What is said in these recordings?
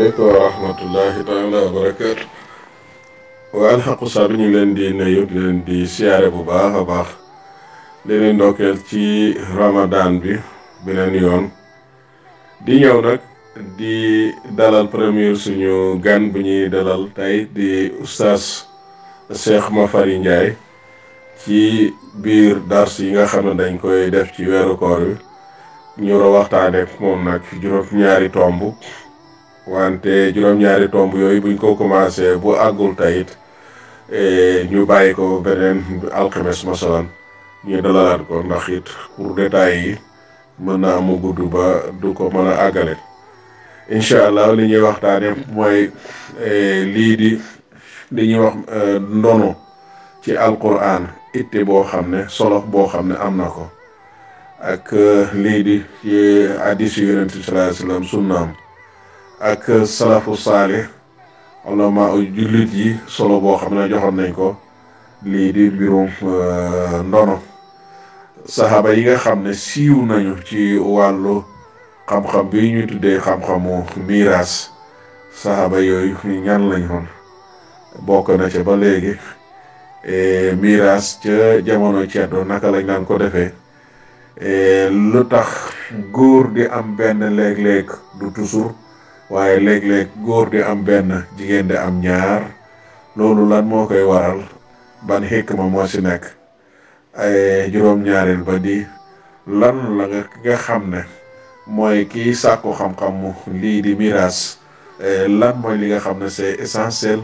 aleykum wa rahmatullahi taala wa alxaqu saadu ñu leen di nuyu di leen di siyaare bu baax a baax di leen ndokkeel ci ramadan bi beneen yoon di ñëw nag di dalal premier suñu gan bu ñuy dalal tey di oustaz Cheikh Mafari Ndiaye ci biir dars yi nga xam ne dañ koy def ci weeru koor wi ñu war a waxtaanee moom nag ñaari tomb wante juróom-ñaari tomb yooyu buñ ko commencé bu àggul tayit eh, ñu bàyyi ko beneen alxames masalan ñu dalalaat ko ndax it pour détails yi mën na amu gudd ba du ko mën a àggale incha allah li ñuy waxtaane mooy eh, lii di li ñuy wax eh, ndono ci alquran itte boo xam ne solof boo xam ne am na ko ak lii di ci hadis yu yonent bi sallallahu alayhi wa sallam ak salafu saalih ulama jullit yi solo boo xam ne joxoon nañ ko lii di mbirum euh, ndono saxaaba yi nga xam ne siiw nañu ci wàllu xam-xam bi ñu tuddee xam-xamu miiraas saxaaba yooyu ñan lañ woon bokk na ca ba léegi e, miiraas ca jamono ceddo naka lañ daan ko defee e, lu tax góor di am benn léeg-léeg du toujours waaye léeg-léeg góor di am benn jigéen di am ñaar loolu lan moo koy waral ban xikma moo ci nekk ay juróom-ñaareel ba di lan la nga xam ne mooy kiy sàkku xam-xamu lii di miraas eh, lan mooy li nga xam ne c'est essentiel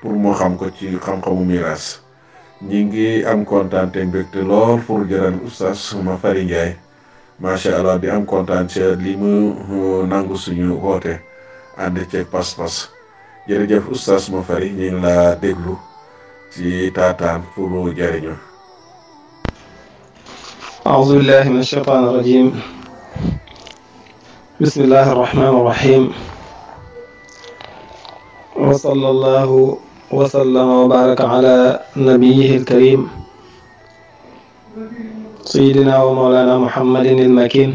pour moo xam ko ci xam-xamu miraas ñi ngi am kontaan te mbégte lool pour jëral oustaz Mafari Ndiaye macha allah di am kontaan ci li mu nangu suñu woote. ànd ceeg pas-pas jërëjëf oustaz ma fari ñu ngi laa déglu ci taataan pour jëriñu أعوذ بالله من الشيطان الرجيم بسم الله الرحمن الرحيم وصلى الله وسلم وبارك على نبيه الكريم سيدنا ومولانا محمد المكين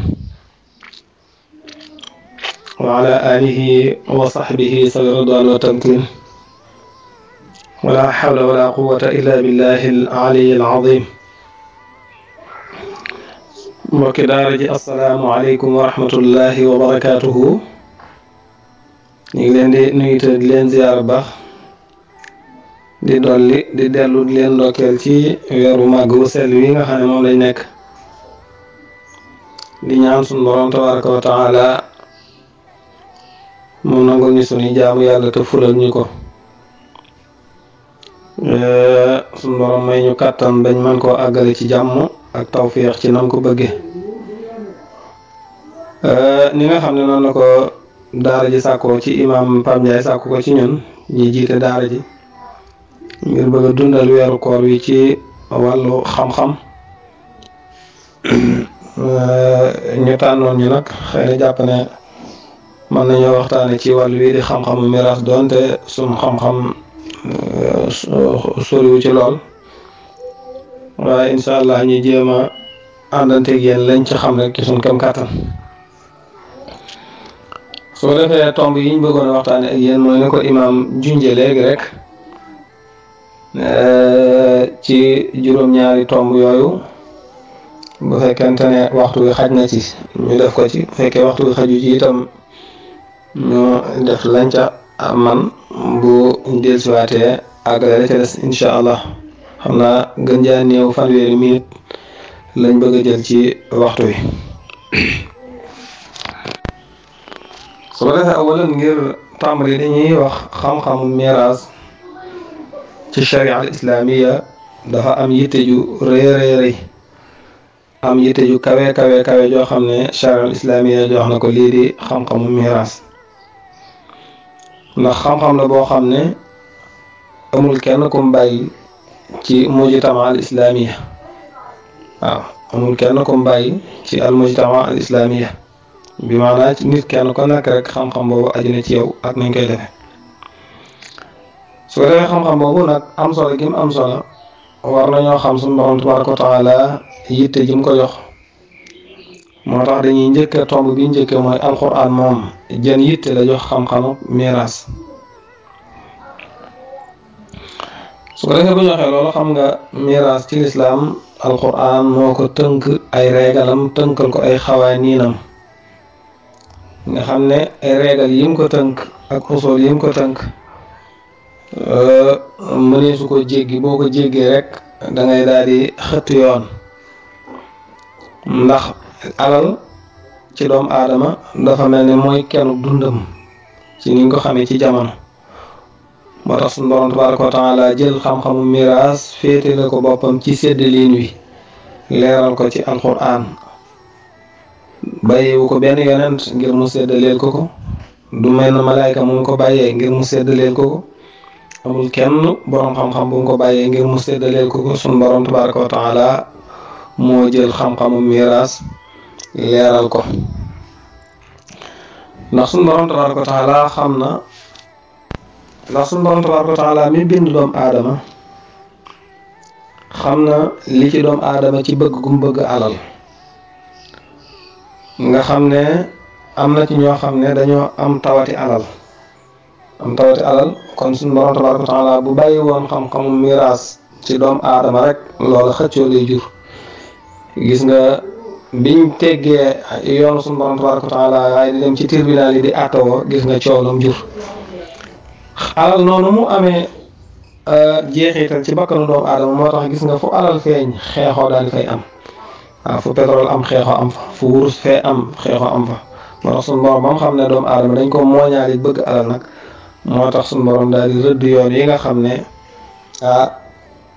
وعلى آله وصحبه صلى الله عليه وسلم ولا حول ولا قوة إلا بالله العلي العظيم وكدار السلام عليكم ورحمة الله وبركاته نيجلندي نيجلندي لينزي أربع دي دولي دي دلو لين لوكيلتي ويرو ما غوسل وينا خانمو لينك دي نيان سنورانتو تبارك وتعالى mu nangul ñu suñuy jaamu yalla te fulal ñu ko eh, sun borom may ñu katan dañ man ko agale ci jamm ak tawfiq ci nam ko bëgge eh, ni nga xamne non la ko daara ji sakko ci imam Pam Ndiaye sakko ko ci ñun ñi jité daara ji ngir bëgg dundal wëru koor wi ci walu xam-xam eh, ñu tanon ñu nak xëy japp mën nañoo waxtaane ci wàll wi di xam-xamu miraas doonte suñ xam-xam euh, soriwu ci lool waaye incha allah ñu jéema a àndanteeg lañ ci xam rek ci suñ kam kàttan soo defee tomb yi ñu bëggoon a waxtaane ak yéen mooy ne ko imaam junje léegi rek euh, ci juróom-ñaari tomb yooyu bu fekkente ne waxtu wi xaj na ci ñu def ko ci bu waxtu wi xaju ci itam ñu def lañ ca man bu dellusiwaatee àggale la ca allah xam naa gën jaa néew fanweeri minit lañ bëgg a jël ci waxtu wi. su ko defee awalan ngir tàmbali dañuy wax xam-xamu miraas ci sharia al dafa am yitte ju rëy rëy rëy am yitte kawe kawe kawe joo xam ne sharia al islaamiya jox na ko lii di xam-xamu miraas. ndax xam-xam la boo xam ne amul kenn kum mbay ci mujtama al islamiya kenn kum bàyyi ci al mujtama al islamiya bi maanaa ci nit kenn ko nekk rek xam-xam boobu aju na ci yow ak nañ koy defee su defee xam-xam boobu nag am solo gi mu am solo war nañoo xam suñu borom tabaraka wa taala yitte ji mu ko jox moo tax dañuy njëkk a tomb bi njëkk mooy alxuraan moom jën yitte la jox xam-xamu miiras su ko defee bu ñu waxee loolu xam nga miiras ci lislaam alxuraan moo ko tënk ay reegalam tënkal ko ay xawaaniinam nga xam ne ay reegal yim ko tënk ak usul yim ko tënk euh, mënee ko jéggi boo ko jéggee rek da ngay daal di xëtt yoon ndax. alal ci doomu aadama dafa mel ne mooy kenn dundam ci ni ko xame ci jamono moo tax suñu borom tabaraka wa taala jël xam-xamu miraas féete la ko boppam ci séddaliin wi leeral ko ci alquran bàyyiwu ko benn yonent ngir mu séddaleel ko ko du mel na ko bàyyee ngir mu séddaleel ko ko amul kenn borom xam-xam bu ngi ko bàyyee ngir mu séddaleel ko ko suñu borom tabaraka wa taala moo jël xam-xamu miraas leeral ko ndax suñu borom tabaaraka wa taala xam na ndax suñu borom tabaaraka wa taala mi bind doomu aadama xam na li ci doomu aadama ci bëgg gum bëgg alal nga xam ne am na ci ñoo xam ne dañoo am tawati alal am tawati alal kon suñu borom tabaaraka wa taala bu bàyyi woon xam-xamu miraas ci doomu aadama rek loola xëccoo lay jur gis nga. biñ teggee yoon suñu borom tabaraka wa taala dem ci tribunal yi di attawoo gis nga coolam jur alal noonu mu amee euh, jeexital ci bakkanu doomu aadama moo tax gis nga fu alal feeñ xeexoo daal di fay am waaw fu pétrole am xeexoo am fa fu wurus fee am xeexoo am fa moo tax suñu borom xam ne doomu aadama dañ ko mooñaale bëgg alal nag moo tax suñu daal di rëdd yoon yi nga xam ne ah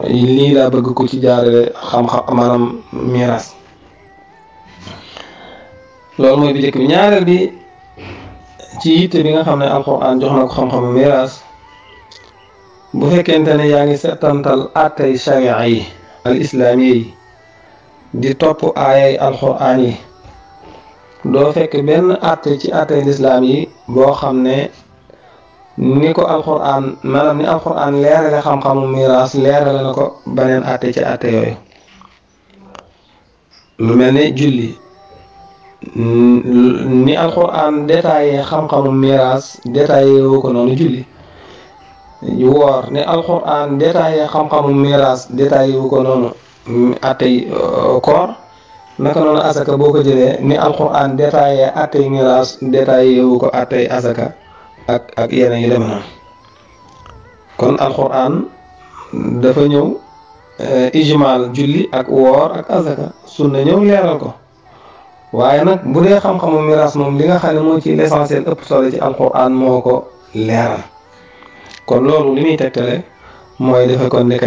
lii laa bëgg ku ci jaarale xam-xam maanaam miiras loolu mooy bi njëkk bi ñaareel bi ci yitte bi nga xam ne alxuraan jox na ko xam-xamu miraas bu fekkente ne yaa ngi settantal attay sharia yi al islaamiya yi di topp aayay alxuraan yi doo fekk benn atte ci attay lislaam yi boo xam ne ni ko alxuraan maanaam ni alxuraan leerale xam-xamu miraas leerale na ko beneen atte ci atte yooyu mel ne julli ni alquran détaillé xam-xamu miraas détaillé woo ko noonu julli woor ni alquran détaillé xam-xamu miraas détaillé woo ko noonu attey euh, koor naka noonu asaka boo ko jëlee ni alquran détaillé attey miraas détaillé woo ko attey asaka ak yeneen yi deme na kon alquran dafa ñëw euh, ijmaal julli ak woor ak asaka sunna ñëw leeral ko waaye nag bu dee xam-xamu miraas moom li nga xam ne moo ci l'essentiel ëpp solo ci alquran moo ko leeral loolu li muy tegtale mooy defe kon nekk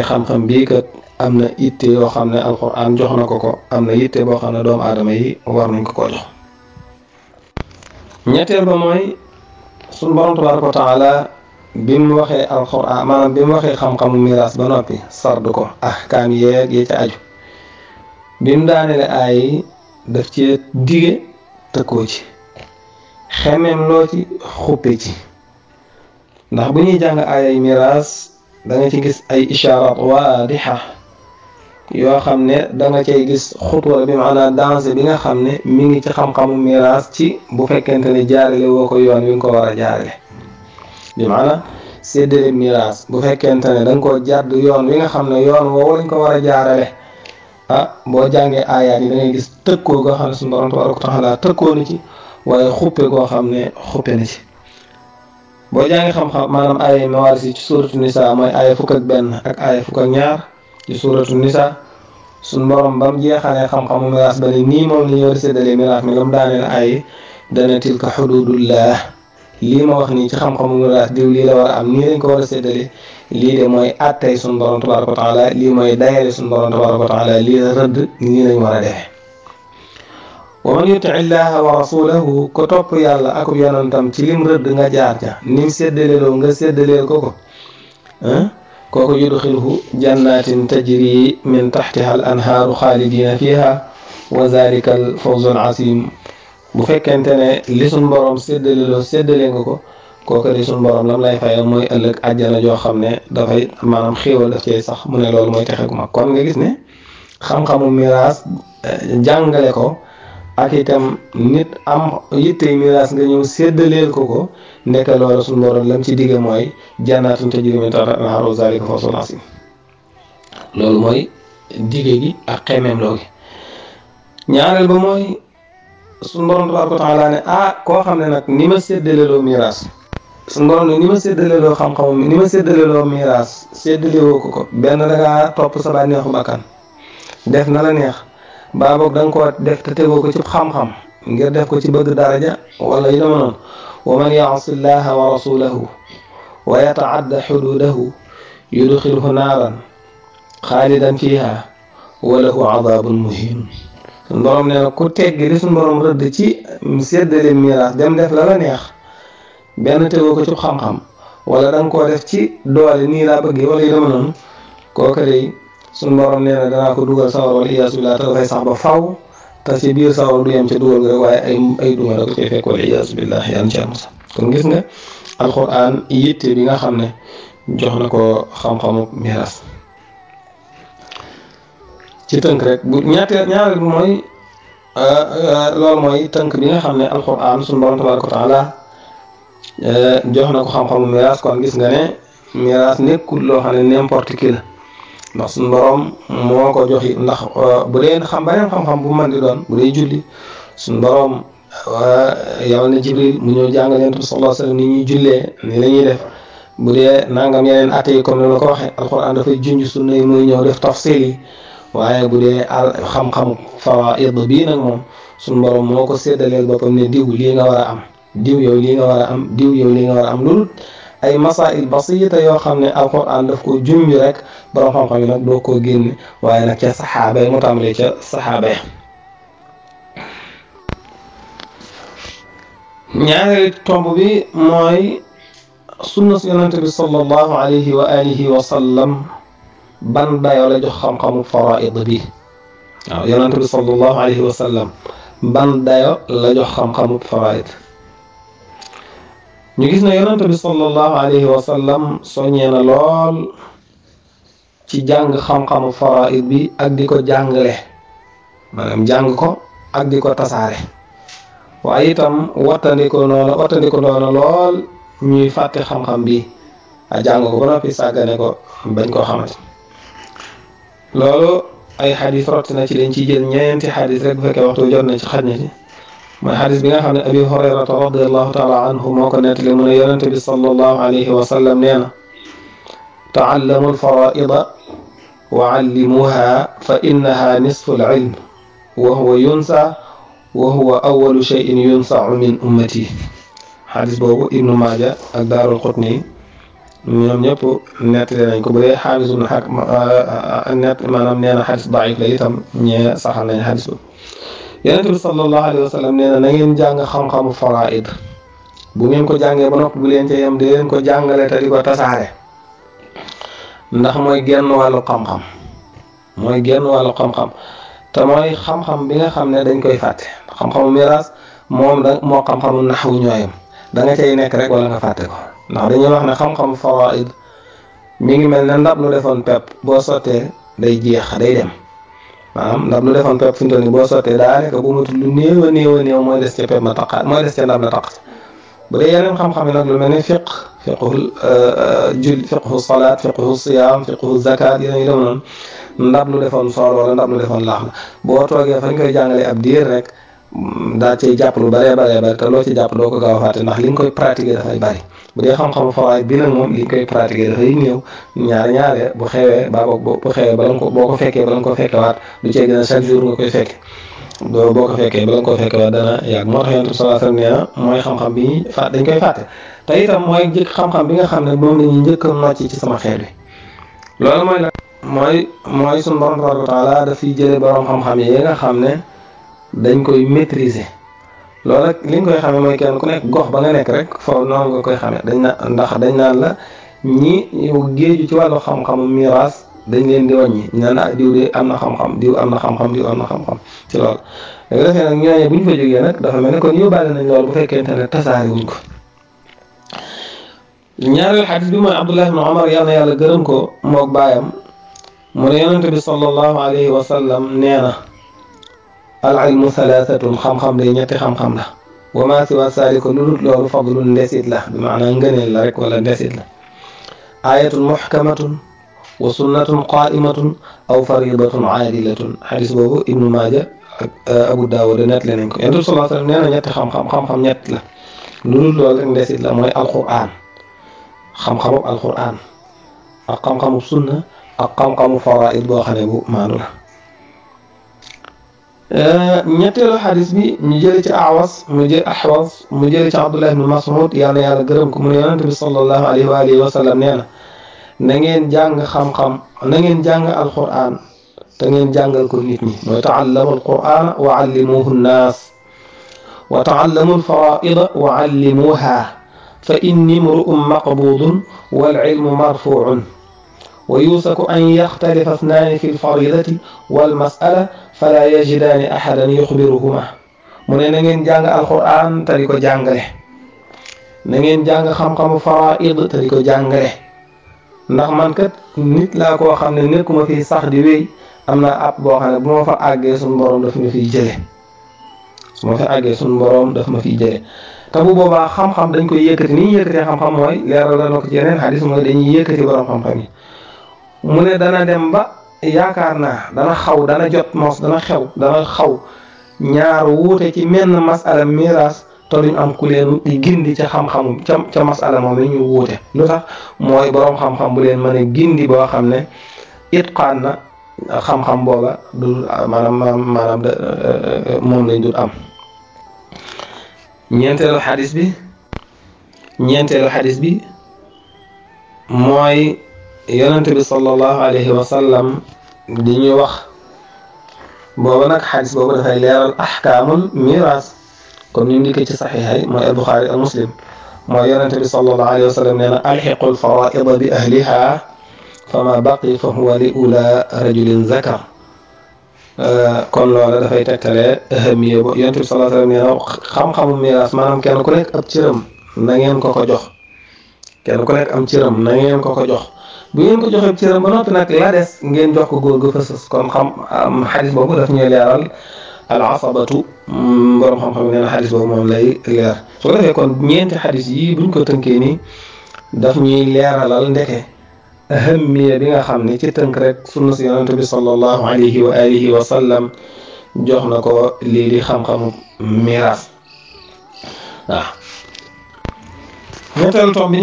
am na itte yoo xam ne alquran jox na ko ko am na itte boo xam ne doomu aadama yi nañ ko ko jox ñetteel ba mooy bi mu waxee alquran mu waxee xam-xamu ba noppi sardu ko ahkaam yeeg yi ca aju bi mu daanele aay daf cee dige tëkkoo ci xemeem loo ci xuppe ci ndax bu ñuy jàng aayay miraas danga ci gis ay ishaaraat waadixa yoo xam ne danga nga cay gis xutwa bi maanaa danse bi nga xam ne mi ngi ci xam-xamu miraas ci bu fekkente ne jaarale woo ko yoon wi nga ko war a jaarale bi maanaa séddale miraas bu fekkente ne da ko koo jàdd yoon wi nga xam ne yoon woowu lañ ko war a jaarale ah boo jàngee aayaat yi da ngay gis tëkkoo goo xam ne suñu borom tabaaraka taala tëkkoo na ci waaye xuppe goo xam ne xuppe na ci boo jàngee xam-xam maanaam aaya mawaaris yi ci suuratu fukk benn ak ñaar ci suuratu nisa suñu borom ba mu jeexalee xam-xamu miraas ba ne nii moom la ñu war a séddalee miraas mi la mu daaneel dana tilka xududullah lii ma wax nii ci xam-xamu miraas diw lii am nii lañ ko war a séddalee lii de mooy attay suñu tabaraka wa lii mooy dayale suñu tabaraka wa lii la rëdd nii lañ war a defee wa ko topp yàlla akub yonantam ci lim nga jaar ja nim séddaleeloo nga séddaleel ko ko kooku jannatin tajri min taxtiha al anhaaru xaalidina fiha wa zalika al fawzu bu fekkente ne li suñ borom séddaleloo séddale ko kooku di suñu lam lay fayal mooy ëllëg àjjana joo xam ne dafay maanaam xéewal daf cey sax mu ne loolu mooy texe gu kon nga gis ne xam-xamu miraas eh, jàngale ko ak itam nit am yittey miraas nga ñëw séddaleel ko ko ndeke loolu suñu borom mooy jànnaatun tajrii min tahtihaa loolu mooy digge gi ak xemeem loo gi mooy suñu borom tabaaraka ne ah koo xam ne nag ni ma séddaleloo miraas suñu borom ne ni ma séddaleeloo xam-xamam ni ma séddaleeloo miiraas séddalewoo ko ko benn da ngaa topp sa bànneexu bakkan def na la neex baa boog da def te tegoo ko ci xam-xam ngir def ko ci bëgg daraja wala yu dama noonu wa man yaasi llaha wa rasulahu wa yataadda xududahu yudxilhu naaran xaalidan fiiha wa lahu adaabun muhin suñu borom ku tegg li suñu borom rëdd ci séddale miiraas dem def la la neex benn tegoo ko ci xam-xam wala da nga koo def ci doole nii laa bëggee wala yu dama noonu kooka day suñu borom nee danaa ko dugal sawar wala iyaasu billaa te dafay sax ba faw te ci biir sawar du yem ca dugal waaye ay ay duma da ko fekk wala iyaasu billaa yàlla ci am sax kon gis nga alxuraan yitte bi nga xam ne jox na ko xam-xamu miiras ci tënk rek bu ñaateel ñaareel bi mooy euh, euh, loolu mooy tënk bi nga xam ne alxuraan suñu borom tabaaraka wa taala Eh, jox na ko xam-xamu miraas kon gis nga ne miraas nekkul loo xam ne n'importe qui ndax suñu borom moo ko joxi ndax eh, bu dee xam beneen xam bu mën di doon bu dee julli suñu borom eh, yàlla na jibril mu ñëw jàngal yonent ni ñuy jullee ni la def bu dee nangam yeneen atte yi comme ni ma ko waxee alxuraan dafay junj sunna yi muy ñëw def tafsil yi waaye bu dee al xam-xamu fawaid bii nag moom suñu borom moo ko séddaleel boppam ne diw lii nga war a am diw yow lii nga am diw yow lii nga war a am loolu ay masail basita yoo xam ne alquran daf ko junj rek borom xam yi nag doo ko génne waaye nag ca saxaaba yi mu tàmbalee ca saxaaba yi ñaareel tomb bi mooy sunna su yonente bi sallallahu alayhi wa alihi la jox xam-xamu faraid bi waaw yonente bi sallallahu alayhi wa sallam ban dayo la jox xam-xamu faraid ñu gis na yonent bi sallallahu alayhi wa sallam soññee na lool ci jàng xam-xamu faraid bi ak di ko jàngale maanaam jàng ko ak di ko tasaare waaye itam wattandiko noona wattandiko lool ñuy fàtte xam-xam bi a jàng ko ba noppi sàggane ko bañ koo xamante loolu ay xadis rott na ci dañ ciy jël ñeenti xadis rek bu fekkee waxtu jot na ci xaj na ci حديث بناها عن أبي هريرة رضي الله تعالى عنه وكانت لمن ينتبه صلى الله عليه وسلم نينا تعلموا الفرائض وعلموها فإنها نصف العلم وهو ينسى وهو أول شيء ينسى من أمتي حديث بابو ابن ماجة الدار القطني نيوم نيبو نيتل نيكو بري حافظ بن حكم نيتل ما نم نينا حديث ضعيف ليتم نيه صحة لين حديثه yonent bi sallallahu alayhi wa sallam na na ngeen jàng xam-xamu faraid bu ngeen ko jàngee ba noppi bu leen ca yem di leen ko jàngale te di ko tasaare ndax mooy genn wàllu xam-xam mooy genn wàllu xam-xam te mooy xam-xam bi nga xam ne dañ koy fàtte xam-xamu miraas moom da moo xam-xamu naxwu ñooyam da cay nekk rek wala nga fàtte ko ndax dañuy wax ne xam-xamu faraid mi ngi mel ne ndab lu defoon pepp boo sottee day jeex day dem maanaam ndab lu defoon pepp fi mu toll nii boo sottee daanaka bu matul lu néew a néew a néew mooy ca pepp ma taqaat mooy des ca ndab la taq bu dee yeneen xam-xam yi nag lu mel ne fiq fiqhu euh, euh, jul fiqhu salaat fiqhu siyaam fiqhu zakat yeneen yi dem noonu ndab lu defoon sool wala ndab lu defoon laax la boo toogee fañ koy jàngalee ab diir rek daa cay jàpp lu bëree bëree bëri te loo ci jàpp doo ko gaaw a fàtte ndax li nga koy pratiquer dafay bëri bu dee xam-xamu fawaid bi nag moom li nga koy bu xewee baa boog bu xewee bala boo ko fekkee bala ko fekkewaat du cee gën a chaque jour nga koy fekke doo ko fekkee bala nga ko moo tax bi sallallahu alayhi wasallam nee na mooy xam bi fàtte te itam mooy njëkk xam-xam bi nga xam ne moom la ñuy njëkk a nocc ci sama xeet bi loolu mooy la mooy mooy suñu borom tabaaraka wa taala daf fiy jëlee borom xam-xam yi nga xam ne dañ koy maîtriser loolu nag liñ ñu koy xamee mooy kenn ku nekk gox ba nga nekk rek foofu noonu nga koy xamee dañ na ndax dañ naan la ñi géeju ci wàllu xam-xamu miraas dañ leen di wàññi ñu naan ah diw de am na xam-xam diw am na xam-xam diw am na xam-xam ci loolu. da nga defee bu ñu fa nag dafa mel ne kon yóbbaale nañ loolu bu fekkente ne tasaare wuñ ko ñaareel xadis bi mooy Abdullah ibn Omar yàlla gërëm ko moog baayam mu ne yonente bi sallallahu alayhi wa sallam nee na. al ilmu salaasatun xam-xam day ñetti xam-xam la wa maa siwa saalika lu dul loolu fadlun ndesit la bi maanaam ngëneel la rek wala ndesit la aayatun muxkamatun wa sunnatun qaaimatun aw faridatun aadilatun xadis boobu ibnu maaja ak euh, abu daawud net le nañ ko yonent bi sallallahu alayhi wa sallam nee na ñetti xam-xam xam-xam ñett la lu dul loolu rek ndesit la mooy alquran xam-xamub alquran ak xam-xamub sunna ak xam-xamu faraid boo xam ne bu maanu la نيتلو حديث بي نجيلي تي اعوص مجي احوص مجيلي تي عبد الله بن مسعود يالا يالا گرم كوم يونت بي صلى الله عليه واله وسلم نينا نين جانغ خام خام نين جانغ القران تا نين جانغال كو نيت ني تعلموا القران وعلموه الناس وتعلموا الفرائض وعلموها فاني مرء مقبوض والعلم مرفوع ويوسك ان يختلف اثنان في الفريضه والمساله fala yajidani ahadan yukhbiruhuma mune na ngeen jang alquran te di ko na ngeen jang xam xam faraid te ko ndax man kat nit la ko xamne nekuma fi sax di wey amna app bo xamne buma fa agge sun borom daf ma fi jele suma fa agge sun borom daf ma fi jele te bu xam-xam dañ koy ni ñuy xam-xam moy leral la ko ci yenen hadith mo dañuy yëkkati borom xam-xam ni mune dana dem ba yaakaar naa dana xaw dana jot mos dana xew dana xaw ñaar wuute ci menn masala miraas te duñ am ku leen di gindi ca xam-xamu ca masala moom la ñu wuute lu tax mooy boroom xam-xam bu leen mën a gindi boo xam ne itqaan na xam-xam booba du maanaam moom lañ dul am ñeenteelu xadis bi ñeenteelu xadis bi mooy yonent bi sallallahu alayhi wa sallam di wax booba nag xadis boobu dafay leeral axkaamul miraas comme ni mu dikkee ci saxiixay mooy albuxaari al mooy yonent bi sallallahu alayhi wa sallam nee na alxiqu alfaraida ahliha fama baqi fa huwa li ula rajulin zakar kon loola dafay tegtale ahamiya bo bi sallallahu alayhi wa sallam nee xam-xamu miraas maanaam kenn ku nekk ab cëram na ngeen ko ko ku nekk am cëram na ngeen ko ko jox bu ngeen ko joxee cëram ba noppi nag la des ngeen jox ko góor ga fësës kon xam am xadis boobu daf ñuy leeral mm, xam-xam nee na xadis boobu moom lay leer su yi buñ ko tënkee nii daf ñuy leeralal ndeke ahamiya bi nga xam ne ci tënk rek sunna si yonent bi sallallahu alayhi wa alihi wa sallam jox na ko lii di xam-xamu miraas waaw ñetteelu tom bi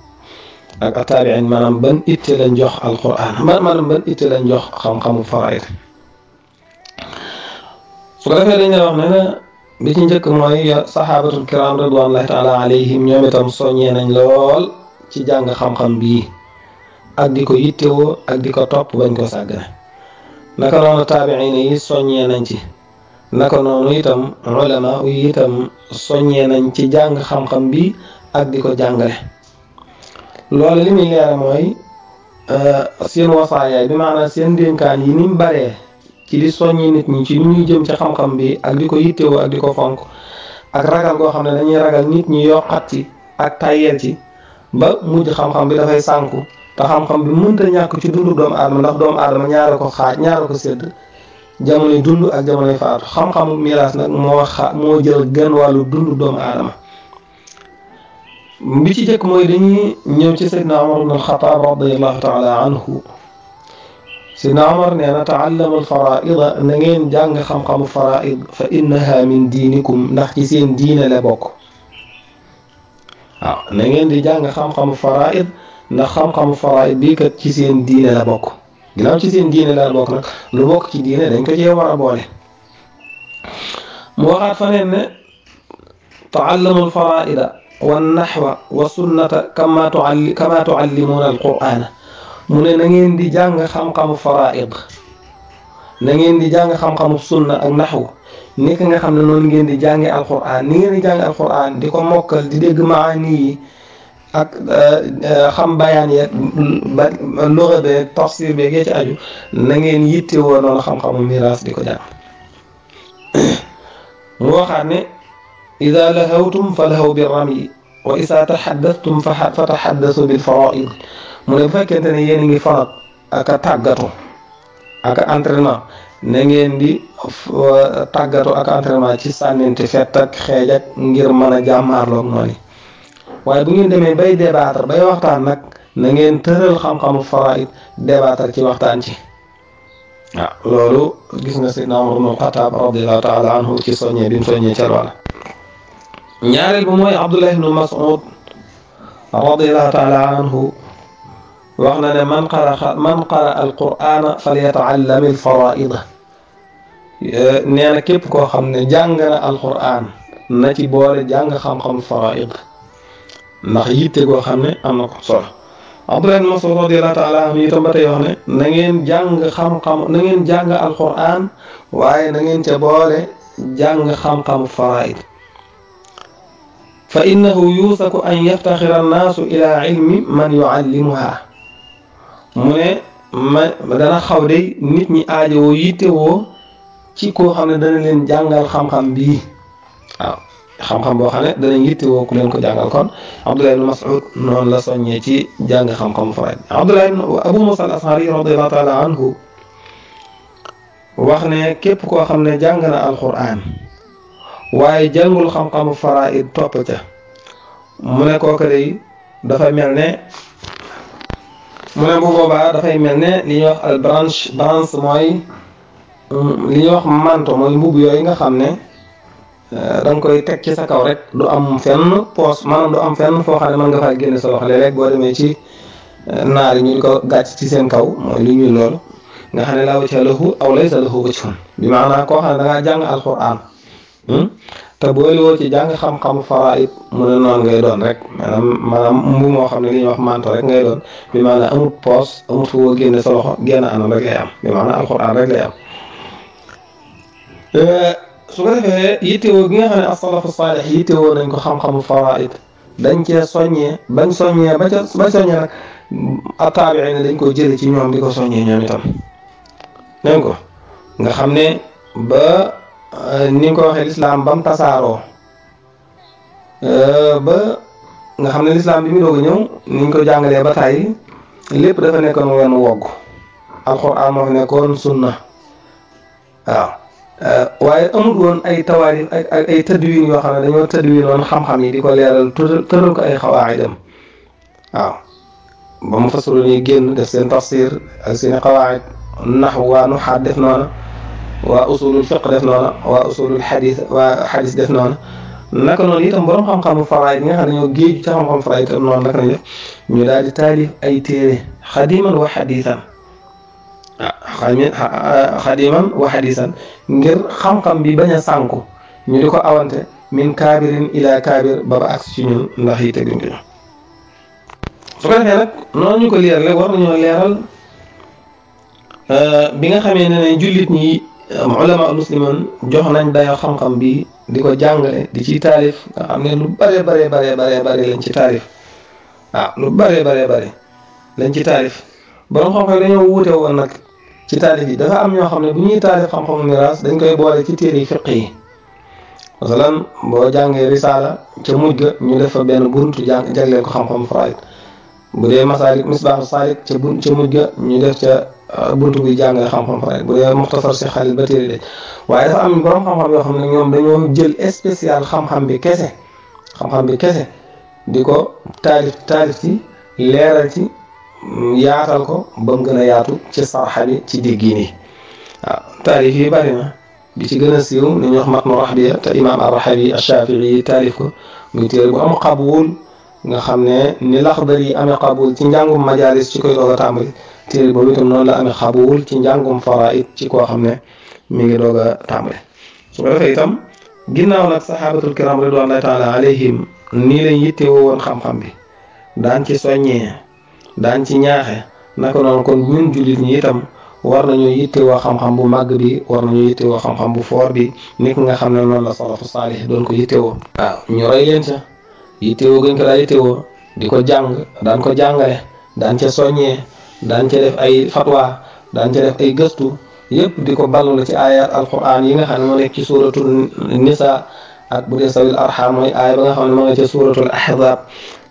ak ataabiin maanaam ban itte lañ jox lañ jox xam-xamu su ko defee dañ la wax ne na bi ci njëkk mooy saxaabatul kiram ridwanullahi taala alayhim ñoom itam soññee nañ lool ci jàng xam-xam bii ak di ko yittewoo ak di ko topp bañ ko sàggane naka noonu taabiin yi soññee nañ ci naka noonu itam ulama itam soññee nañ ci jàng xam-xam bi ak di ko jàngale loolu li muy leer mooy euh, seen wasaayaay bi maanaam seen dénkaan yi ni mu baree ci di soññi nit ñi ci ni ñuy jëm ci xam-xam bi ak di ko yittewoo ak di ko fonk ak ragal goo xam ne dañuy ragal nit ñi yokkat ci ak tayyeel ci ba mujj xam-xam bi dafay sànku te xam-xam bi mënta ñàkk ci dundu doomu aadama ndax doomu aadama ñaara ko xaaj ñaara ko sédd jamonoy dund ak jamonoy faatu xam-xamu miraas nag moo xa moo jël gën wàllu dundu doomu aadama بيتي ديك موي سيدنا عمر بن الخطاب رضي الله تعالى عنه سيدنا عمر نانا تعلم الفرائض نين جانغ خام خام فرائض فانها من دينكم نختي سين دين لا بوك اه نين دي جانغ خام خام فرائض نا خام خام فرائض بي كات سي سين دين لا بوك غيناو سي سين دين لا بوك نا لو بوك سي دين دنج كاي ورا بوله مو وخات فنن تعلم الفرائض wannaxwa wa sunnata kama tualli kama tuallimuuna alqur'aana mu ne na ngeen di jàng xam-xamu faraid na ngeen di jàng xam-xamu sunna ak naxwu ni ki nga xam ne noonu ngeen di jànge alqur'aan ni ngeen di jànge alqur'aan di ko mokkal di dégg maani yi ak euh, euh, xam bayaan luga be tafsir be gee aju na ngeen yitte woo noonu xam di ko ida lahawtum fa lahaw bi rami wa isa taxaddastum fa taxaddasu bil faraid mu ne bu fekkente ne yéen ngi farat ak a tàggatu ak na ngeen di euh, tàggatu ak entraînement ci sànninte fett ak xeej ngir mën a jàmmaarloog noonu waaye bu ngeen demee bay débattre bay waxtaan nag na ngeen tëral xam-xamu faraid débattre ci waxtaan ci loolu gis nga si Umar ibn Xattaab radiyallaahu taala ci soññee bi soññee ca ñaareel ba mooy abdullah ibnu mas'ud radiallahu ne man qara man qara al qur'ana falyataallam al faraida nee képp koo xam ne jàng na na ci boole jàng xam-xam faraid ndax yitte goo xam ne am na ko so abdullah ibnu mas'ud radiallahu taala anhu itam ba tey ne na ngeen jàng xam-xam na ngeen jàng alqur'an waaye na ngeen ca boole jàng xam-xam faraid fa innahu yuusaku an yaftaxira annaasu ila ilmi man yuallimuhaa mu ne ma dana xaw de nit ñi aajowoo yittewoo ci koo xam ne dana leen jàngal xam-xam bii xam-xam boo xam ne danañ yittewoo ku leen ko jàngal kon Abdullah ibn Mas'ud la soññee ci jàng xam-xam faraid Abdullah Abu Musa al-Ash'ari radiyallahu wax ne képp koo xam ne jàng na alquran waaye jàngul xam-xamu faraid topp ca mu ne kooku day dafa mel ne mu ne bu boobaa dafay mel ne li ñuy wax al branche branche mooy mm, li ñu wax manto mooy mbubb yooyu nga xam ne euh, da koy teg ci sa kaw rek du am fenn poos maanaam du am fenn foo xam ne mën nga faa génne sa loxo léeg boo demee ci euh, naar yi ñu di ko gàcc ci seen kaw mooy lu ñuy loolu nga xam ne laa wajha lahu aw laysa lahu wajhun bi maanaam koo xam ne da ngaa jàng alquran Hmm? te booy loo ci jàng xam-xam faraid mu ne noonu ngay doon rek maanaam maanaam mbu moo xam ne li ñuy wax manto rek ngay doon bi maanaam amut poos amut foo génne sa loxo génn rek lay am bi maanaam alxuraan rek lay am eh, su ko defee yittewoo gi nga xam ne asalafu saalix yittewoo nañ ko xam-xamu dañ cee soññee ba ca ba soññee nag ataabiin ne dañ koo jële ci ñoom di ko soññee ñoom itam dégg ko nga xam ne ba Euh, niñ ko waxee lislaam ba mu tasaaroo euh, ba nga xam ne lislaam bi muy doog a ñëw ni ko jàngalee ba tàyyi lépp dafa nekkoon wenn wogg alxuraan moo fi nekkoon sunna waaw euh, waaye amul woon ay tawaarif ak ak ay yoo xam ne dañoo tadwin woon xam-xam yi di ko leeral tëral ko ay xawaayidam waaw ba mu fasul ñuy génn def seen tafsir ak seen xawaayid naxwu waa nu xaat def noona waa usulul fiq def noona waa usulul xadis waa xadis def noona naka noonu itam borom xam-xamu faraid yi nga xam ne ñoo géeju ci xam-xam faraid itam noonu naka nañu def ñu di taalif ay téere xadiman wa xadisan ah, ah, ah, wa xadisan ngir xam-xam bi bañ a sànku ñu di ko awante min kaabirin ila kaabir ba ba agsi ci ñun ndax yi ko ñu su ko defee nag euh, bi nga xamee ne jullit ñi Um, ulama muslimin jox nañ day xam-xam bi di ko jàngale di ci taalif nga xam ne lu bëree baree baree baree bëri lañ ci taalif waaw ah, lu bare baree bëri lañ ci taalif borom xam-xam dañoo wuute woon nag ci taalif yi dafa am ñoo xam ne bu ñuy taalif xam mu miraas dañ koy boole ci téere yi fiq yi masalan boo jàngee risaala ca mujj ga ñu def fa benn buntu jàng jagleel ko xam-xam faraid بودي مسالك مصباح الصالح تبون تمجا نيدف تا بنت بي جانغ خام خام فاي بودي مختصر شيخ خالد بتيري دي واي دا ام بروم خام خام يو خامني نيوم دانيو جيل اسبيسيال خام خام بي كيسه خام خام بي ديكو تاريخ تاريخ ليرالتي ياتال تي صرحاني تي ديغيني تاريخ يي بارينا بي تي غنا سيو ني نيو خ مات نو رحبيه تا امام الرحبي الشافعي تاريخ ميتير بو ام nga xam ne ni laxdar yi amee xabul ci njàngum majalis ci koy doog a tàmbali téere boobu itam noonu la amee xabul ci njàngum faraid ci koo xam ne mu ngi doog a tàmbali su ko defee itam ginnaaw nag saxaabatul kiram ridwanullahi taala alayhim nii lañ yitte woon xam-xam bi daan ci soññee daan ci ñaaxe naka noonu kon ñun jullit ñi itam war nañu yittewoo xam-xam bu màgg bi war nañu yittewoo xam-xam bu foor bi nit nga xam ne noonu la salafu saalih yittewoo gën ko daa yittewoo di ko jàng daan ko jàngale daan ca soññee daan ca def ay fatwa daan ca def ay gëstu yëpp di ko ballul ci ayat alquran yi nga xam ne moo nekk ci suuratul nisa ak bu dee sawil arham mooy aaya ba nga xam ne moo nga ca suuratul ahzab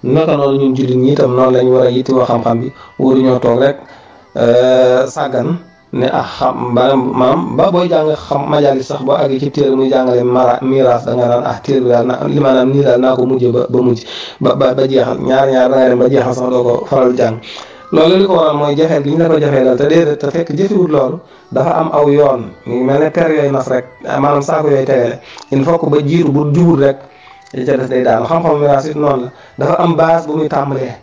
naka noonu ñun jullit ñi itam noonu lañ war a yittewoo xam-xam bi waruñoo toog rek euh, sàggan ne ah xam ba maam ba booy jàng xam majalis sax boo àggee ci téere muy jàngale mara miiras da nga naan ah téere daal na li maanaam nii daal naa ko mujj ba ba mujj ba ba ba jeexal ñaar ñaar da nga ba jeexal sax doo ko faral jàng loolu li ko waral mooy jafeel gi ñu la ko jafee daal te déedéet te fekk jëfewut loolu dafa aw yoon ñu mel ne per yooyu nas rek ah, maanaam saako yooyu tegale il faut que ba jiiru bu jubul rek li ca des day daal xam-xam miiras it noonu la dafa am base bu muy tàmbalee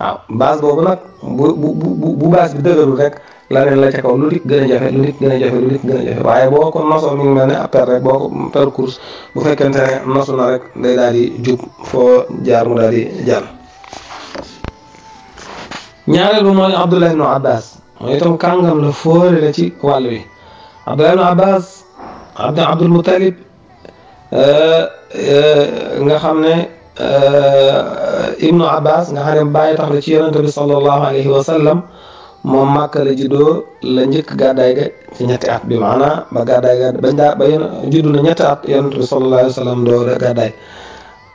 waaw base boobu nag bu bu bu bu base bi dëgërul rek. laneen la ca kaw lu dikk gën a jafe lu dikk gën jafe lu dikk gën jafe waaye boo ko nosoo mi ngi mel ne rek boo ko per course bu fekkente ne nosu na rek day daal di jub foo jaar mu daal di jàll ñaareel mooy Abdullah ibnu Abbas mooy itam kàngam la fóore la ci wàll Abdullah ibnu Abbas abd Abdul Muttalib euh, nga xam ne euh, ibnu Abbas nga xam ne bàyyi tax la ci yonente bi sallallahu alayhi wa sallam moom Màkka la juddoo la njëkk gàddaay ga ci ñetti at bi maanaam ba gàddaay ga bañ daa ba yéen na ñetti at yonent bi sallallahu alayhi doo gàddaay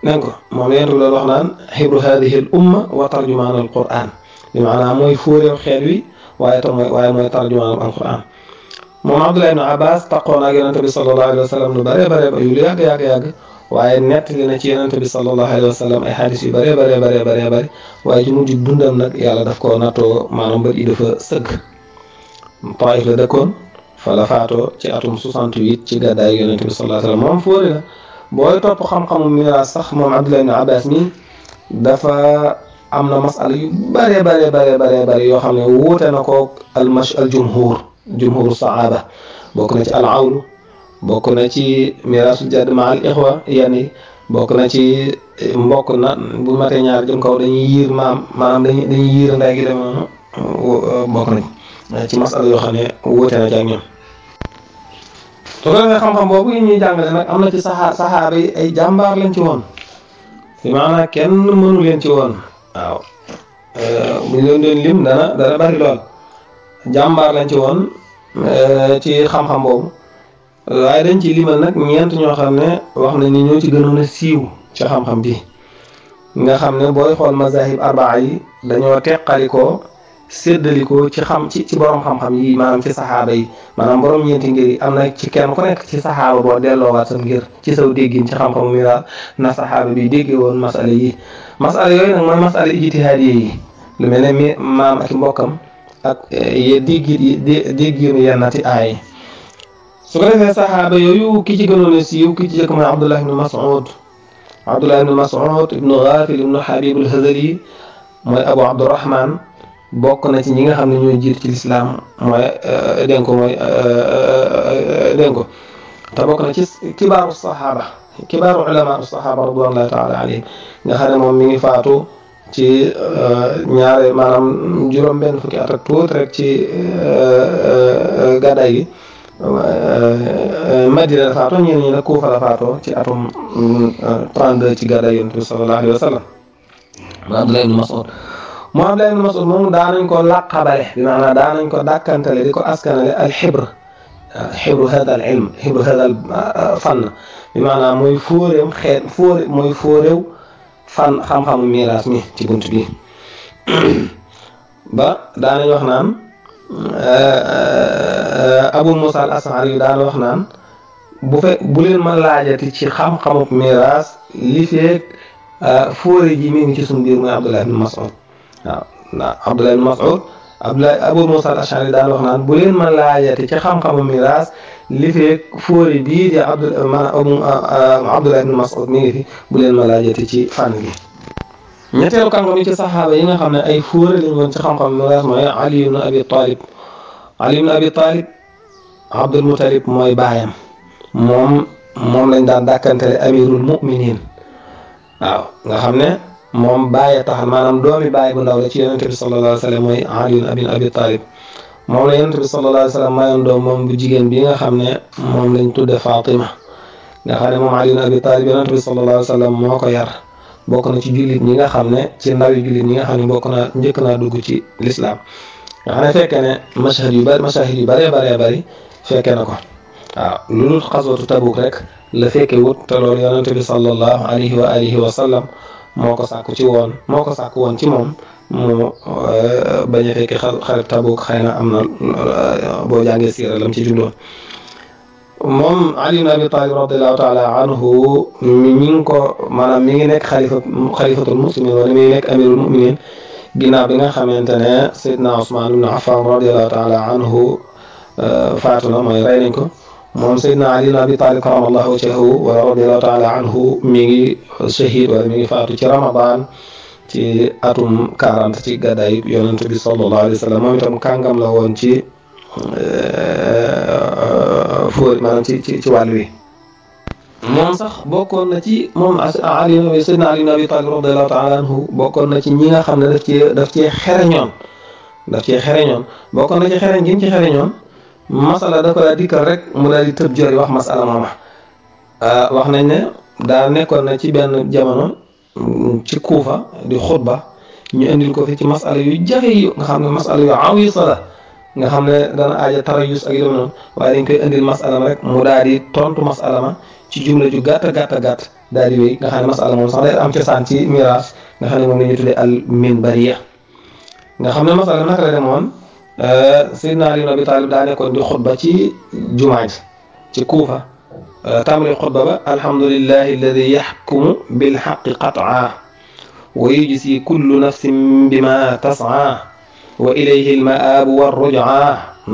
nee ko moom la yonent bi doon wax wa tarjumaan al quran bi maanaam mooy fóoréew xeet wi waaye mooy waaye mooy tarjumaan al quran moom Abdullah ibn Abbas taqoon ak yonent bi sallallahu alayhi wa bare bare ba yu yàgg yàgg yàgg. waaye nettali na ci yonente bi sallallahu alayhi wa ay xadis yu bëree bëree bëree bëree bëri waaye ci mujj dundam nag yàlla daf koo nattoo maanaam mbër yi dafa sëgg taif la dëkkoon fa la faatoo ci atum 68 ci gàddaay yonente bi sallallahu alayhi wa sallam moom la booy topp xam-xamu miraas sax moom Abdullah ibn Abbas mi dafa am masala yu bëree bëree bëree bëree bëri yoo xam ne wuute al mash al jumhur jumhur sahaba bokku na ci al awlu bokk na ci miraasul jadd ma al ixwa yi bokk na ci eh, mbokk na bu matee ñaar jëm kaw dañuy yiir maam maanaam dañuy dañuy yiir nday gi demee eh, bokk na eh, ci masala yoo xam ne wóote na ci ak ñoom su nag am na ci saxaar saxaar ay jàmbaar lañ ci woon fi maanaam kenn mënu leen ci woon waaw bu ñu leen doon lim dana dana bari lool jàmbaar lañ ci woon ci xam-xam boobu waaye dañ ci limal nag ñeent ñoo xam ne wax na ni ñoo ci gënoon siiw ci xam-xam bi nga xam ne booy xool mazahib arbaa yi dañoo teqalikoo séddalikoo ci xam ci ci borom xam-xam yi maanaam ci saxaaba yi maanaam borom ñeenti ngir yi am na ci kenn ku nekk ci saxaaba boo delloowaat sam ngir ci saw déggin ci xam-xamu mi daal na saxaaba bi déggee woon masala yi masala yooyu nag mooy masala ijtihaad yi lu mel ne mi maam ak mbokkam ak eh, ye déggit yi dégginu yennati aay سوغرين صحابه يويو كي تي غنونه سيو كي تي كما عبد الله بن مسعود عبد الله بن مسعود ابن غافل ابن حبيب الهذلي مولاي ابو عبد الرحمن بوكنا سي نيغا خامني نيو جير في الاسلام مولاي دينكو مولاي دينكو تا بوكنا سي كبار الصحابه كبار علماء الصحابه رضوان الله تعالى عليهم نيغا خامني موم ميغي فاتو ci ñaare manam juroom benn fukki at ak tuut rek ci euh, euh, gadda yi Euh, euh, Madina la faatoo ñeneen ñi nag Kuufa la faatoo ci atum 32 mm, euh, ci gàddaay Yonent bi sallallahu alayhi mu Abdullah ibn Mas'ud mu daanañ ko laqabale bi maanaam daanañ ko dàkkantale di ko askanale al xibr xibru al ilm xibru hada al fann bi maanaam fan xam-xamu mi ci bunt ba daanañ wax Euh, Abu Musa al-Ash'ari daan wax naan bu fe bu leen ma laajati ci xam-xamub miraas li feeg euh, fóore ji mi ngi ci suñu biir muy Abdullah ibn Mas'ud waaw ndax Abdullah ibn Mas'ud Abdullah Abu Musa al-Ash'ari daan wax naan bu leen ma laajati ci xam-xamu miraas li feeg fóore bii di Abdu maanaam um, uh, uh, Abdullah ibn mi ngi fi bu leen ma laajati ci fànn gi. ñetteelu kàngam yi ci saxaaba yi nga xam ne ay fóore lañ woon ci xam-xam miraas mooy Ali ibn Abi Talib Ali ibn Abi Talib Abdul Muttalib mooy baayam moom lañ daan dàkkantele amirul muminin waaw nga xam ne moom bàyyi taxan maanaam doomi bàyyi bu ndaw la ci yonente bi sallallahu alayhi mooy Ali moom la yonente bi sallallahu alayhi wa moom bu jigéen bi nga xam ne moom lañ tuddee Fatima nga xam ne moom Ali ibn Abi Talib yonente bi sallallahu alayhi wa sallam moo ko yar bokk na ci jullit ñi nga xam ne ci ndawi jullit ñi nga xam ne bokk na njëkk naa dugg ci lislaam nga xam ne fekkee ne mashahid yu bari mashahid yu bëree bëree bëri fekkee na ko waaw lu dul xaswatu tabuk rek la fekke wut te loolu yonente bi sallallahu alayhi wa alihi moo ko sàkku ci woon moo ko sàkku woon ci moom mu euh, bañ a fekke xare tabuk xëy na am na euh, boo jàngee siira lam ci jubloon moom Ali ibn Abi Talib mi ngi nekk xalifa xalifatul wala mi ngi nekk ginnaaw bi nga xamante ne Seydina Ousmane ibn Affan radiallahu taala anhu euh, faatu na mooy rey nañ ko moom Seydina Ali ibn Abi Talib karamallahu wajhahu wa radiallahu taala anhu mi ngi shahid wala mi ngi faatu ci Ramadan ci atum 40 ci gàddaay yonent bi sallallahu alayhi wa sallam moom itam kàngam la woon ci euh, euh, fóori maanaam ci ci ci wàll wi moom sax bokkoon na ci moom Ali Seydina Ali ibn Abi Talib radiyallahu taala anhu bokkoon na ci ñi nga xam ne daf cee daf cee xereñoon daf cee xereñoon bokkoon na ci xereñ gi ñu ci xereñoon masala da ko daa dikkal rek mu daal di tëb jori wax masala mama ah, wax nañ ne daa nekkoon na ci benn jamono mm, ci kuufa di xutba ñu indil ko fi ci masala yu jafe yu nga xam nga xam ne dana aaja tarayus ak yu waaye dañ koy indil masala ma rek mu daal di tontu masala ma ci jumla ju gàtt gàtt gàtt daal di wéy nga xam ne masala moom sax day am cosaan ci miraas nga xam ne moom la ñuy tuddee al minbariya nga xam ne masala naka la demoon Seydina Ali ibn Abi Talib daa nekkoon di xutba ci jumaa ji ci Kuufa tàmbali xutba ba alhamdulillahi alladi yaxkumu bil xaqi qataa wa yujzi kullu nafsin bima tasaa wa ilayhi almaabu warrujaa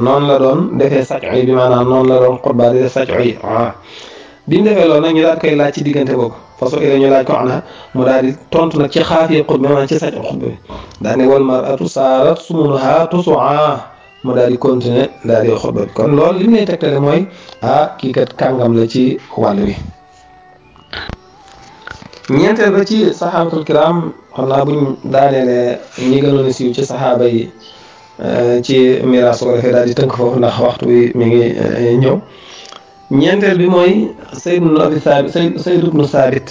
noonu la doon defee sàcc yi bi maanaam noonu la doon xutba di def sàcc yi biñ defee loolu ñu daal koy laaj ci diggante boobu fa soo ñu laaj ko ana mu daal tontu nag ci xaafi xutba maanaam ci saj xutba bi daal ne wal maratu saarat sumunuha tusua mu daal xutba bi kon loolu li mu lay tegtale mooy ah kii kat kàngam la ci wàll ci saxaabatul kiram xam naa ci saxaaba yi eh, ci miraas ko defee daal di tënk foofu ndax waxtu wi mi ngi eh, ñëw. ñeenteel bi mooy Sayd ibnu Abi Saabit Sayd Sayd ibnu Saabit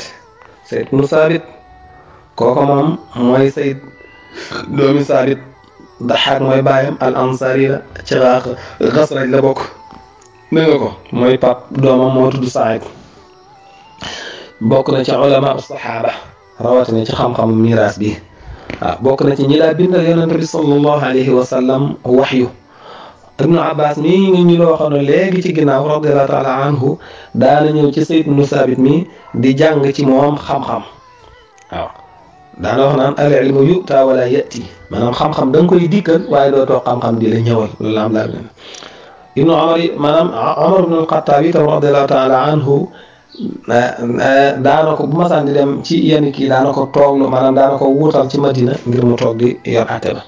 mooy Sayd doomi Saabit Daxaak mooy baayam al la ci raax Xasraj la bokk dégg ko mooy pap doomam moo tudd Saïd bokk na ci ulama saxaaba rawatina ci xam-xamu miraas bi waaw bokk na ci ñi laa bindal yonente bi sallallahu alayhi wa waxyu ibnu abbas mii ngi ñu la waxoon léegi ci ginnaaw radiallahu taala anhu daana ñëw ci sayd saabit mi di jàng ci moom xam-xam waaw daana wax naan al ilmu yu'ta wala yati maanaam xam-xam da koy dikkal waaye doo toog xam-xam di la ñëwal loolu la am laa leen ibnu omar maanaam omar ibnu alxataab yi tam radiallahu taala anhu eh, daana ko bu masaan di dem ci yenn kii daana ko tooglu maanaam daana ko wuutal ci madina ngir mu toog di yor àtte ba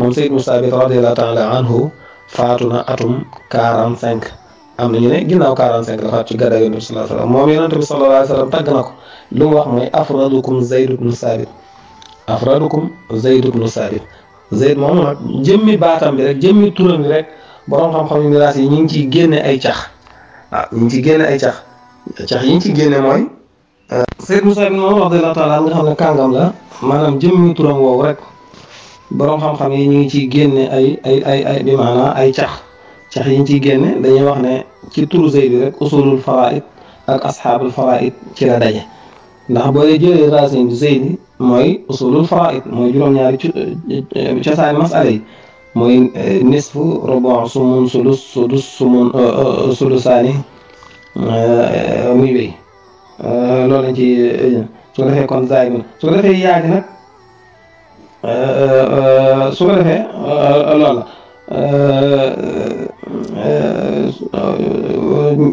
moom sayd faatu na atum 45 am ñu ne ginnaaw 45 la faatu ci gàddaay yonent bi sallallahu alayhi wa sallam moom yonent bi sallallahu alayhi na ko lu mu wax mooy afradukum zayd ibnu saabit afradukum zayd ibnu saabit zayd moom nag jëmmi bi rek jëmmi turam rek borom xam-xam yu miraas yi ñu ngi ciy génne ay cax waaw ñu ngi ciy génne ay cax cax yi ñu ciy génne mooy euh, zayd ibnu saabit moom nga xam ne kàngam la maanaam jëmmi turam woowu rek boroom xam-xam yi ñu ngi ciy génne ay ay ay ay bi ay cax cax yi ñu ciy génne dañuy wax ne ci turu Zayd bi rek usulul faraid ak asxaabul faraid ci la daje ndax boo jëlee racine bi Zayd mooy usulul mooy juróom-ñaari euh, cosaani masala yi mooy euh, nisfu rubu sumun sulus sudus sumun euh, sulusaani muy wéy loolu lañ ci su ko defee kon zaay bi su Euh, euh, euh, su ko defee loola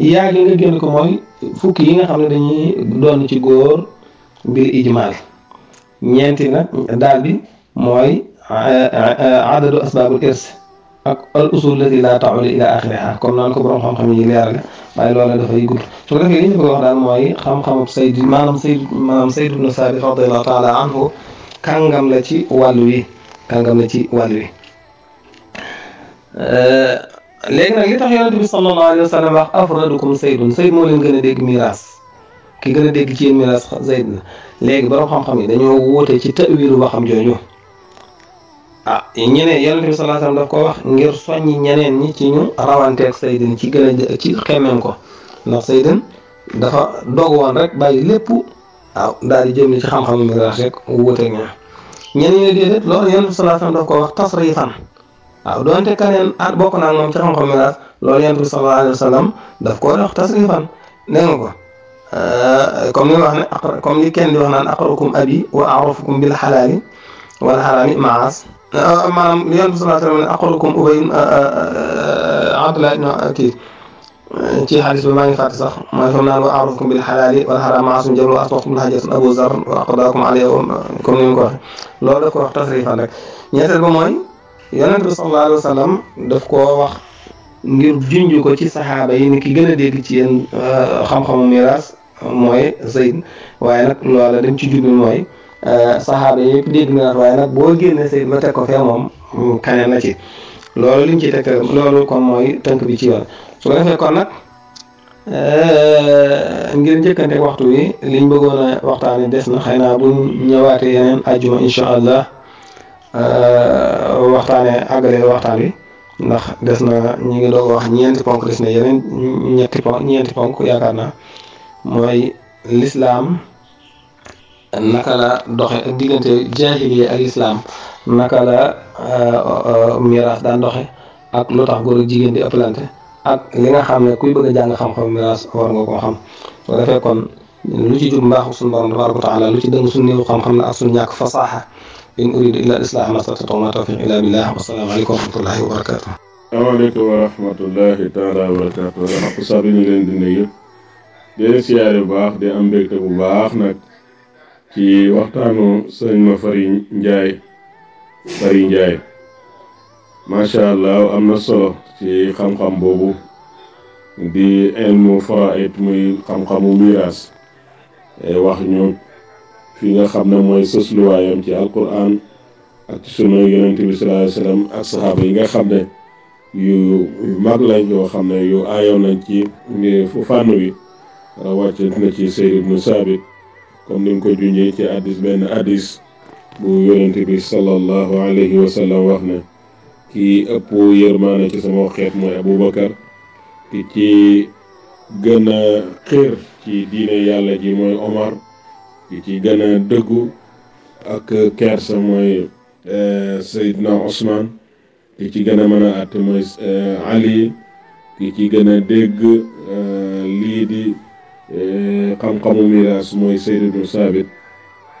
yaag yi nga génn ko mooy fukki yi nga xam ne dañuy doon ci góor mbir ijmaal ñeenti nag daal bi mooy adadu asbaabul irs ak al usul lati laa taxuli ila axiriha comme naan ko borom xam-xam yi leerale waaye loola dafay gudd su ko defee li ñu bëgg a wax daal mooy xam-xamub sayd maanaam sayd maanaam sayd ibnu saabit radiallahu taala anhu kàngam la ci wàll wi kàngam la ci wàll wi euh, léegi nag li tax yonent bi sallallahu alayhi wa sallam wax afradukum saydun moo leen gën a dégg miraas ki gën a dégg ci yéen miraas zayd la léegi borom xam-xam yi dañoo wóote ci tawilu waxam jooju ah ñeneen yonent bi sallallahu ko wax ngir soññi ñeneen ñi ci ñu rawanteeg saydin ci gën a ci xemmeem ko ndax saydin dafa dog woon rek bàyyi lépp waaw daal di jënd ci xam-xam mirage rek wuuteeg ñaar ñenn ñi ne déedéet loolu yonent bi daf ko wax tasrifan waaw donte keneen at bokk naa moom ci xam-xam mirage loolu yonent bi daf ko wax tasrifan nee ko euh, comme ni wax ne comme ni kenn di wax naan aqrakum abi wa a'rafukum bil xalaali wal xaraami maas euh, maanaam yonent bi sallallahu alayhi wasallam ne aqrakum ubay euh, abdullah ci xadis bi maa ngi fàtte sax mooy fam naan wa a'rufukum bil xalaali wal xaraam maasum jël wa asbaqtum hajatan abu zar wa aqdaakum alayhi comme ni mu ko waxee loolu ko wax tasrifan rek ñetteel ba mooy yonent bi sallallahu alayhi wa sallam daf koo wax ngir junj ko ci saxaaba yi ni ki gën a dégg ci yéen euh, xam-xamu miraas mooy Zayd waaye nag loola ci jublu mooy euh, saxaaba yi yëpp dégg miraas waaye nag boo génne Zayd ba teg ko fee moom mm, kaneen na ci loolu liñ ci teg loolu kon mooy tënk bi ci yoon su ko defee kon nag eh, ngir njëkkante waxtu wi liñ bëggoon waxtaan wi des na xëy naa bu ñëwaatee yeneen àjjuma incha allah eh, waxtaanee àggale waxtaan wi ndax des na ñu ngi doog wax ñeenti ponk des yeneen ñetti ñeenti ponk yaakaar naa mooy lislaam naka la doxe diggante jaahiliya ak lislaam naka la eh, miraas daa doxe ak lu tax góor ak jigéen di ëpplante ak li nga xam ne kuy bëgg a jàng xam-xam miraas war nga xam su ko defee lu ci jub mbaaxu suñu borom tabaaraka ñàkk fasaxa in uridu illa al-islaaha ma stata'tu baax di am mbégte bu baax nag ci ma Fari Njaay Fari Njaay macha allah am na solo ci xam-xam boobu di ilmu faraid muy xam-xamu miraas e, wax ñu fi nga xam ne mooy sësluwaayam ci alquran ak ci sunu yonent bi sallallahu alayhi ak saxaaba yi nga xam ne yu mag lañ yoo xam ne yu aayoon nañ ci fu fànn wi wàcc na ci Sayd ibnu Saabit comme ni nga ko junjee ci addis benn addis bu yonent bi sallallahu alayhi wasallam wax ne kii ëpp yërmaane ci sama xeet mooy Aboubacar ki ci gën a ci diine yàlla ji mooy Omar ki ci gën a dëggu ak kersa mooy euh, Seydina Ousmane ki ci gën a mën a àtt mooy euh, Ali ki ci gën a dégg euh, lii di xam-xamu miraas mooy Zayd ibn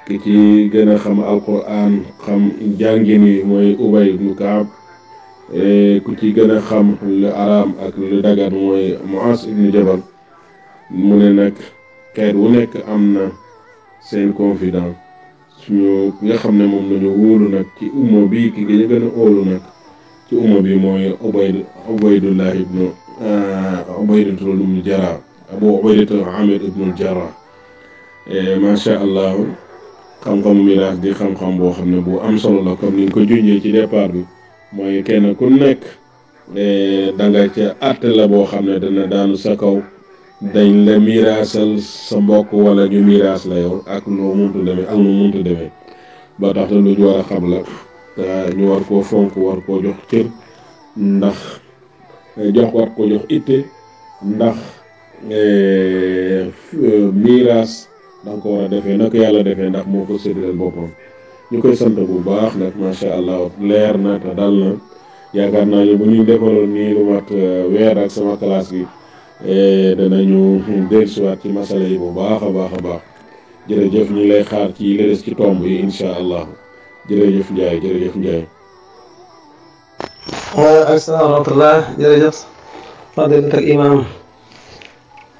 ki ci gën a xam alquran xam njàngin yi mooy Ubay ibn Kaab ku ci gën a xam lu araam ak lu dagan mooy Muaas ibnu Jabal mu ne nag xeet wu nekk am na seen confident suñu ki nga xam ne moom la ñu wóolu nag ci umma bi ki ñu gën a óolu nag ci umma bi mooy Ubayd Ubaydullah ibnu Ubaydatul ibnu Jarrah Abu Ubaydatul Amir ibnu Jarrah macha allah xam-xamu miraas di xam-xam boo xam ne bu am solo la comme ni nga ko junjee ci départ bi. mooy kenn ku nekk da ca àtte la boo xam ne dana daanu sa kaw dañ la miiraasal sa mbokk wala ñu miiraas la ak loo muntu demee ak lu ba tax te lu ñu xam la ñu war koo fonk war koo jox cër ndax jox war koo jox itte ndax e, miiraas da ko war a yàlla defee ndax moo ko séddale boppam. ñu koy sant bu baax nag macha allah leer na te dal na yaakaar naa ne bu ñuy defaloon nii lu mat euh, weer ak sama classe bi eh, danañu dellusiwaat ci masala yi bu baax a baax a baax jërëjëf ñu lay xaar ci li des ci tomb yi incha allah jërëjëf Ndiaye jërëjëf Ndiaye. waaleykum salaam wa rahmatulah jërëjëf Fadil ak imaam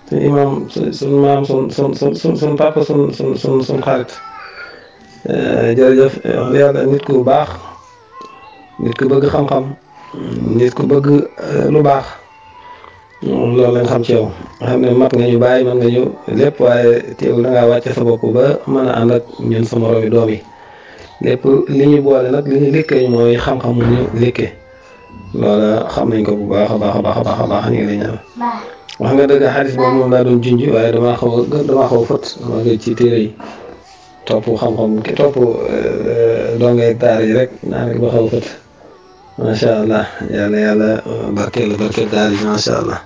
suñu imaam suñu papa suñu suñu jërëjëf wax yàlla nit ku baax nit ku bëgg xam-xam nit ku bëgg euh, lu baax loolu lañ xam ci yow xam ne mat nga ñu bàyyi mën nga ñu lépp waaye teewul da ngaa wàcce sa bopp ba mën a ànd ak ñun sa moromi doom yi lépp li ñu boole nag li ñu liggéey mooy xam-xam mu ñu liggéey loola xam nañ ko bu baax a baax a baax a baax a baax ñu ngi lay ñaan wax nga dëgg xaalis boobu moom laa doon junj waaye damaa xaw a damaa xaw a fët ci téere yi. topu xam-xam ki topu dongo yeeg taar yi rek naa nekk ba xaw fët macha allah yàlla yàlla barkeel barkeel daal yi macha allah.